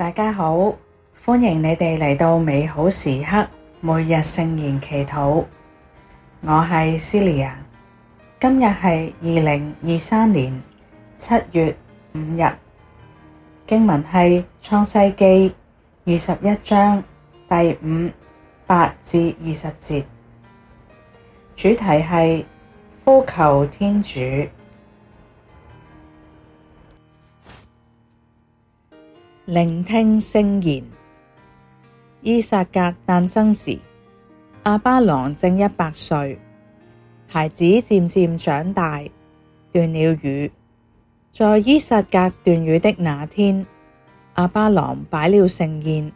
大家好，歡迎你哋嚟到美好時刻每日聖言祈禱。我係 Celia，今日係二零二三年七月五日。經文係創世紀二十一章第五、八至二十節，主題係呼求天主。聆聽聖言。依撒格誕生時，亞巴郎正一百歲。孩子漸漸長大，斷了乳。在依撒格斷乳的那天，亞巴郎擺了盛宴。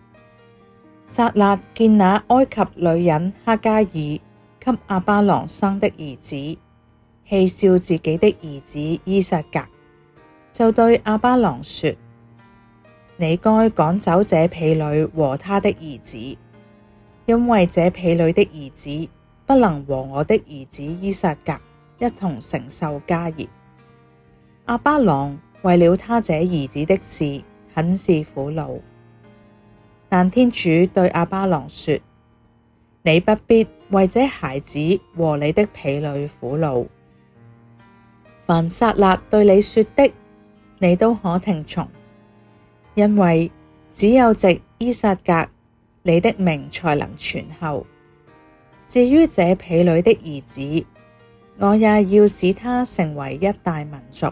撒辣見那埃及女人哈加爾給亞巴郎生的兒子，戲笑自己的兒子依撒格，就對亞巴郎說。你該趕走這婢女和她的兒子，因為這婢女的兒子不能和我的兒子依撒格一同承受家業。亞巴郎為了他這兒子的事，很是苦惱。但天主對亞巴郎說：你不必為這孩子和你的婢女苦惱，凡撒辣對你說的，你都可聽從。因為只有藉依撒格，你的名才能傳後。至於這婢女的兒子，我也要使他成為一大民族，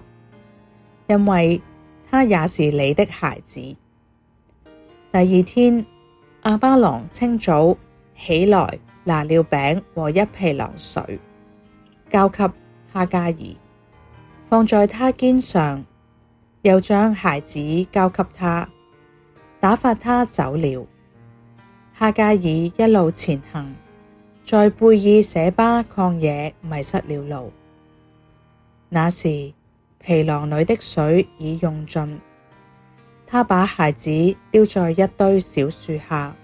因為他也是你的孩子。第二天，亞巴郎清早起來，拿了餅和一皮囊水，交給哈加爾，放在他肩上。又將孩子交給他，打發他走了。哈加爾一路前行，在貝爾舍巴曠野迷失了路。那時皮囊裏的水已用盡，他把孩子丟在一堆小樹下，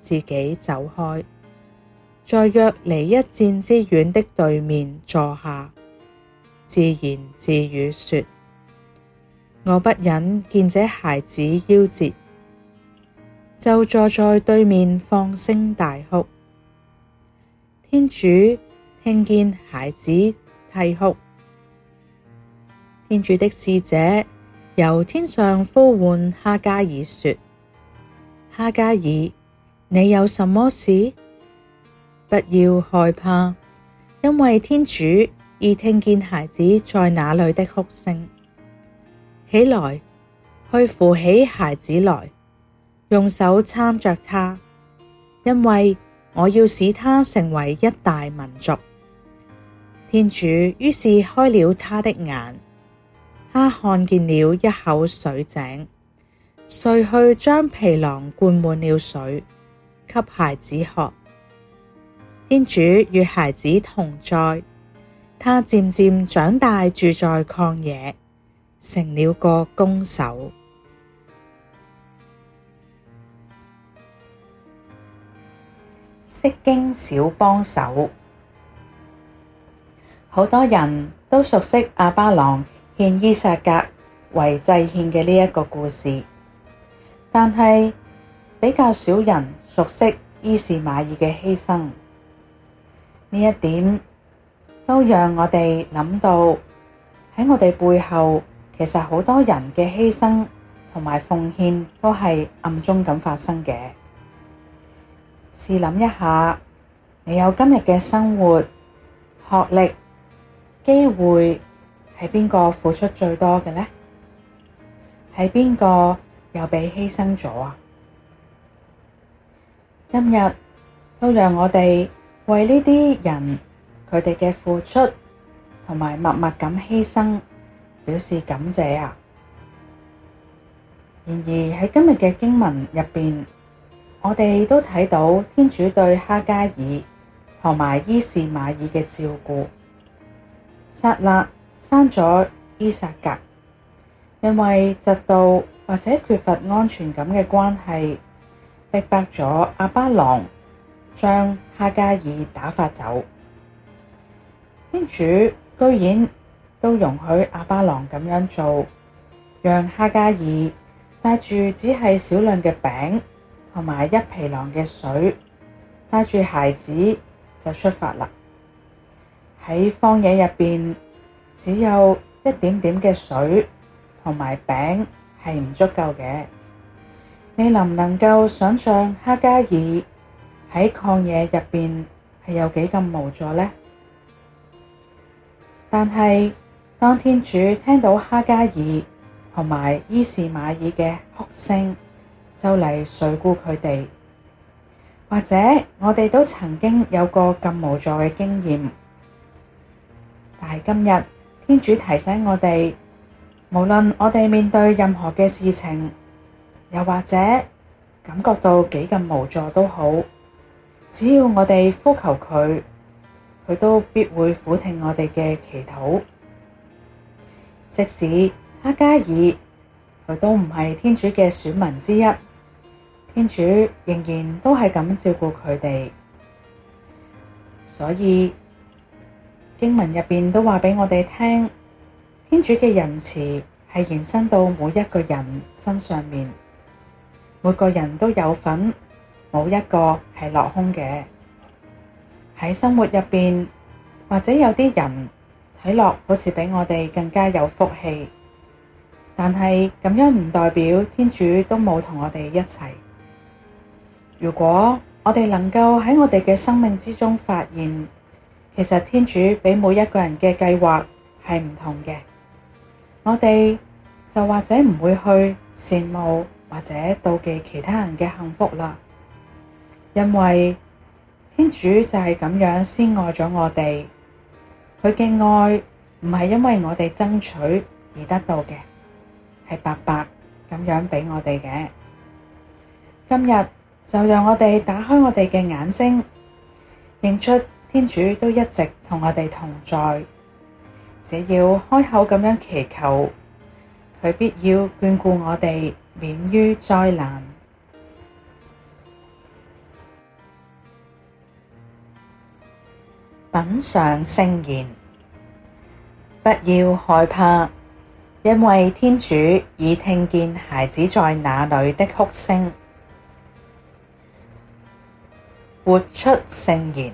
自己走開，在約離一箭之遠的對面坐下，自言自語說。我不忍見這孩子夭折，就坐在對面放聲大哭。天主聽見孩子啼哭，天主的使者由天上呼喚哈加爾說：哈加爾，你有什麼事？不要害怕，因為天主已聽見孩子在那裏的哭聲。起來，去扶起孩子來，用手攙着他，因為我要使他成為一大民族。天主於是開了她的眼，她看見了一口水井，遂去將皮囊灌滿了水，給孩子喝。天主與孩子同在，他漸漸長大，住在曠野。成了個弓手。釋經小幫手。好多人都熟悉亞巴郎獻依撒格為祭獻嘅呢一個故事，但係比較少人熟悉依市瑪耳嘅犧牲。呢一點都讓我哋諗到喺我哋背後。其實好多人嘅犧牲同埋奉獻都係暗中咁發生嘅。試諗一下，你有今日嘅生活、學歷、機會，係邊個付出最多嘅呢？係邊個又俾犧牲咗啊？今日都讓我哋為呢啲人佢哋嘅付出同埋默默咁犧牲。表示感謝啊！然而喺今日嘅經文入邊，我哋都睇到天主對哈加爾同埋依市瑪耳嘅照顧。撒辣生咗依撒格，因為嫉妒或者缺乏安全感嘅關係，逼迫咗亞巴郎將哈加爾打發走。天主居然～都容許亞巴郎咁樣做，讓哈加爾帶住只係少量嘅餅同埋一皮囊嘅水，帶住孩子就出發啦。喺荒野入邊，只有一點點嘅水同埋餅係唔足夠嘅。你能唔能夠想像哈加爾喺曠野入邊係有幾咁無助呢？但係，當天主聽到哈加爾同埋依市瑪耳嘅哭聲，就嚟垂顧佢哋。或者我哋都曾經有過咁無助嘅經驗，但係今日天，天主提醒我哋，無論我哋面對任何嘅事情，又或者感覺到幾咁無助都好，只要我哋呼求佢，佢都必會俯聽我哋嘅祈禱。即使哈加爾佢都唔係天主嘅選民之一，天主仍然都係咁照顧佢哋。所以經文入邊都話畀我哋聽，天主嘅仁慈係延伸到每一個人身上面，每個人都有份，冇一個係落空嘅。喺生活入邊，或者有啲人，睇落好似比我哋更加有福氣，但係咁樣唔代表天主都冇同我哋一齊。如果我哋能夠喺我哋嘅生命之中發現，其實天主畀每一個人嘅計劃係唔同嘅，我哋就或者唔會去羨慕或者妒忌其他人嘅幸福啦。因為天主就係咁樣先愛咗我哋。佢嘅愛唔係因為我哋爭取而得到嘅，係白白咁樣畀我哋嘅。今日就讓我哋打開我哋嘅眼睛，認出天主都一直同我哋同在。只要開口咁樣祈求，佢必要眷顧我哋免於災難。品嚐聖言，不要害怕，因為天主已聽見孩子在那裏的哭聲。活出聖言，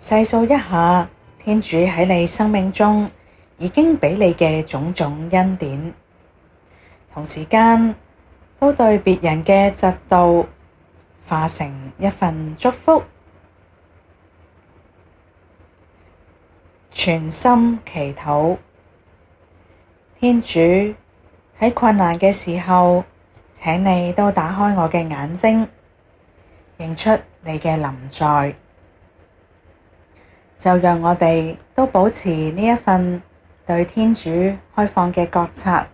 細數一下天主喺你生命中已經畀你嘅種種恩典，同時間都對別人嘅嫉妒化成一份祝福。全心祈禱，天主喺困難嘅時候，請你都打開我嘅眼睛，認出你嘅臨在。就讓我哋都保持呢一份對天主開放嘅覺察，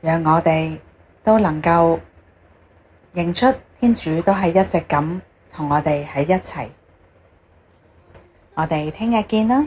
讓我哋都能夠認出天主都係一直咁同我哋喺一齊。我哋聽日見啦。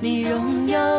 你擁有。